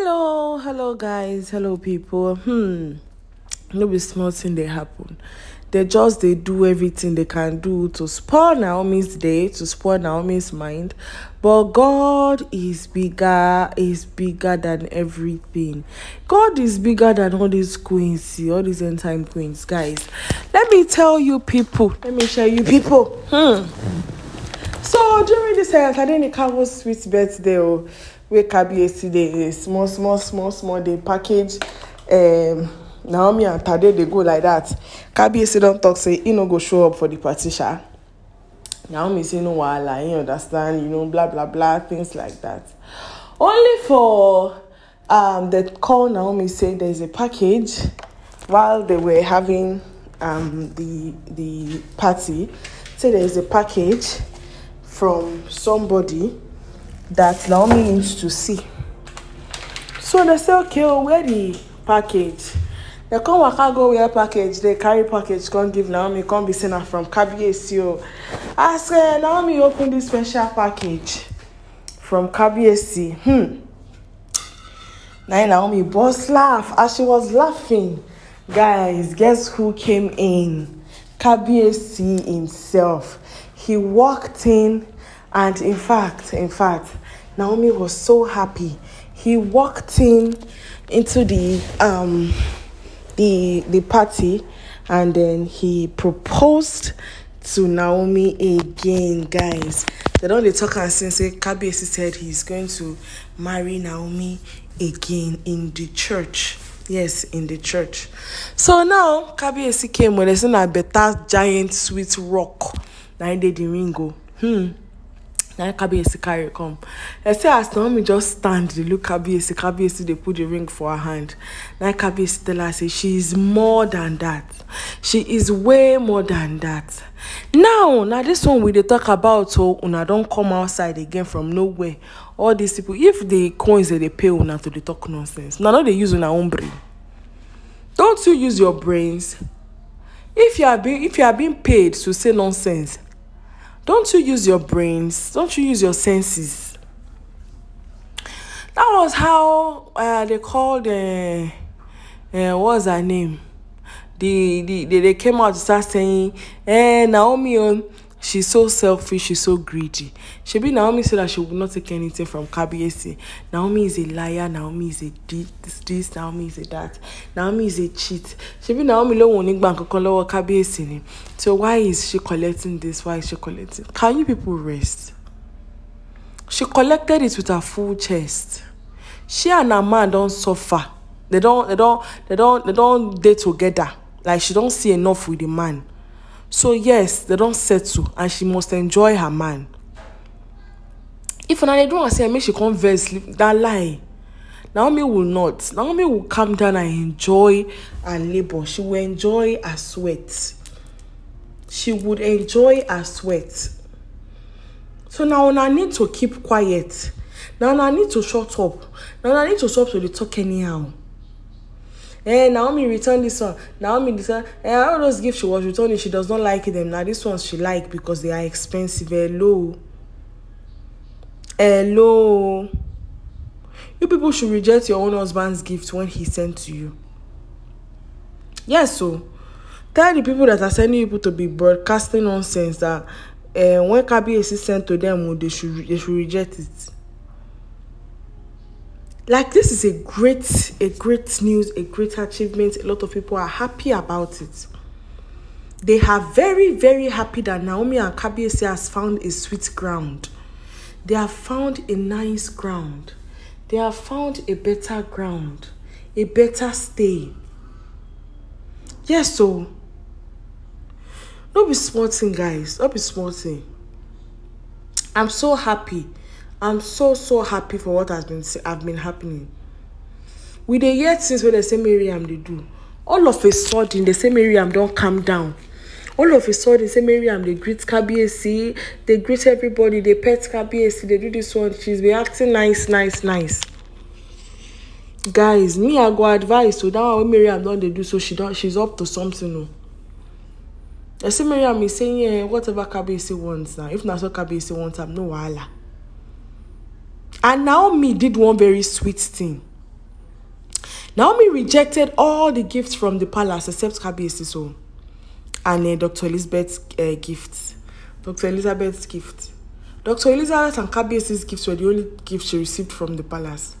hello hello guys hello people hmm no small thing they happen they just they do everything they can do to spoil naomi's day to spoil naomi's mind but god is bigger is bigger than everything god is bigger than all these queens all these end time queens guys let me tell you people let me show you people hmm so during this health i dey the carbo sweet birthday o oh, wey kabiyesi dey small small small small dey package um, naomi and tade dey go like that. dat kabiyesi don talk. say he no go show up for the party sha naomi say no wahala He understand you know bla bla bla things like that. only for um, dem call naomi say there is a package while they were having um, the the party say there is a package from somebody that Naomi needs to see. So they say, okay, oh, where the package? They come waka go wear package, they carry package, come give Naomi, come be seen from Kabiyesi o. Oh. I say, Naomi open this special package from Kabiyesi. Hmm. Now Naomi burst laugh as she was laughing. Guys, guess who came in? see himself. He walked in, and in fact, in fact, Naomi was so happy. He walked in into the um the the party, and then he proposed to Naomi again, guys. They don't they talk and say Kabiyesi said he's going to marry Naomi again in the church yes in the church so now Esi came with say na better giant sweet rock Now him did the ring o hmm na kabiyesi carry come I say as naomi just stand They look Kabi Esi. They put the ring for her hand Kabi Esi tell her say she is more than that she is way more than that now now this one we they talk about so una not come outside again from nowhere all these people if the coins that they pay una to they talk nonsense Now now they use una own brain Don't you use your brains? If you are being if you are being paid to say nonsense, don't you use your brains? Don't you use your senses? That was how uh, they called uh, uh, what's her name? The, the, the they came out to start saying, eh, Naomi, oh, she's so selfish she's so greedy She be naomi said that she would not take anything from kabiyesi naomi is a liar naomi is a this this naomi is a that naomi is a cheat She be naomi lóhùn onígbà kankan lọ́wọ́ kabiyesi ni so why is she collecting this why is she collecting can you people rest she collected it with her full chest she and her man don suffer they don they don they don they don dey together like she don see enough with the man so yes dem don settle and she must enjoy her man if una don't do am say she come vex that lie naomi will not naomi will calm down and enjoy her labour she will enjoy her sweat she would enjoy her sweat so now una need to keep quiet Now una need to shut up Now una need to stop to dey talk anyhow eh naomi return this one naomi one. eh all those gifts she was returning she does not like them Now this ones she like because they are expensive hello hello you people should reject your own husband's gift when he sent to you yes so tell the people that are sending people to be broadcasting nonsense that uh, when kabiyesi sent to them they should they should reject it. like this is a great a great news a great achievement a lot of people are happy about it they are very very happy that naomi and kabiesi has found a sweet ground they have found a nice ground they have found a better ground a better stay yes so oh. Don't be smarting, guys. Don't be smarting. i'm so happy i'm so so happy for what has been have been happening we dey yet since when the same mariam they do all of a sudden the same mariam don't calm down all of a sudden same mariam they greet kabiyesi they greet everybody they pet kabiyesi they do this one she's been acting nice nice nice guys me i go advise so that when wey don't they do so she don't she's up to something o. Oh. No? They say Miriam is saying, yeah, whatever Kabiyesi wants now. If na so Kabiyesi wants I'm no wahala. And Naomi did one very sweet thing. Naomi rejected all the gifts from the palace except Kabiesi's own and uh, eh, Dr. Elizabeth's uh, eh, Dr. Elizabeth's gift. Dr. Elizabeth and Kabiesi's gifts were the only gifts she received from the palace.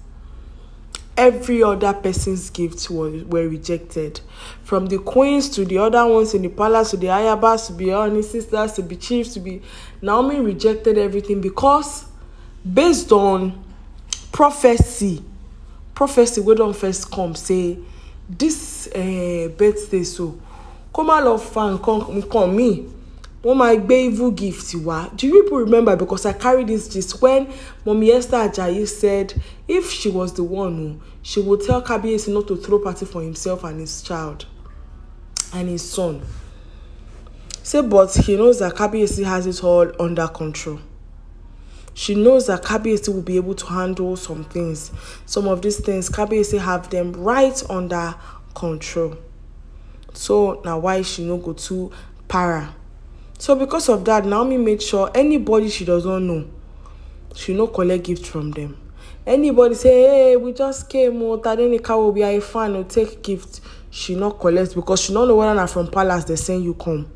Every other person's gifts were, were rejected. From the queens to the other ones in the palace to the ayabas to be honest sisters to be chiefs to be. Naomi rejected everything because based on prophecy prophecy wey don first come say this uh, birthday so kó má lọ fa come nǹkan míì wọ́n máa gbé evil gift wá do you people remember because i carry this gist when mummy esther ajayi said if she was the one oh, she would tell kabiyesi not to throw party for himself and his child and his son say but he knows that kabiyesi has it all under control she knows that Kabiyesi will be able to handle some things. Some of these things, Kabiyesi have them right under control. So now why she no go to para? So because of that, Naomi made sure anybody she does not know, she no collect gift from them. Anybody say, hey, we just came, oh, car will be a fan, or oh, take gift. She not collect because she not know whether na from palace they send you come.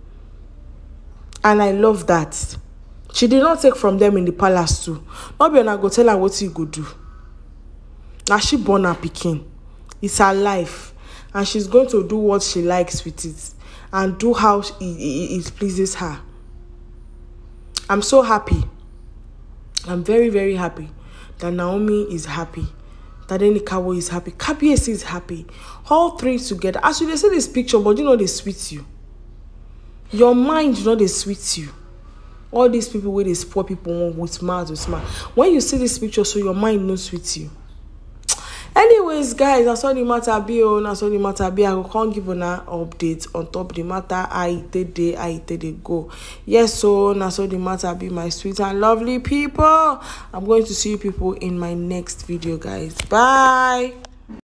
And I love that. she did not take from them in the palace too no be una go tell her what she go do Now she born her peking, its her life and she's going to do what she likes with it and do how it pleases her i'm so happy i'm very very happy that naomi is happy that tadenikawo is happy kabiesi is happy all three together as you dey see this picture but you know they sweet you your mind you know they sweet you all these people with these poor people with smiles with mouth when you see this picture so your mind knows with you anyways guys I saw the matter be on. I saw the matter be i can't give an update on top the matter I did it. I did it. go yes so I saw the matter be my sweet and lovely people i'm going to see you people in my next video guys bye.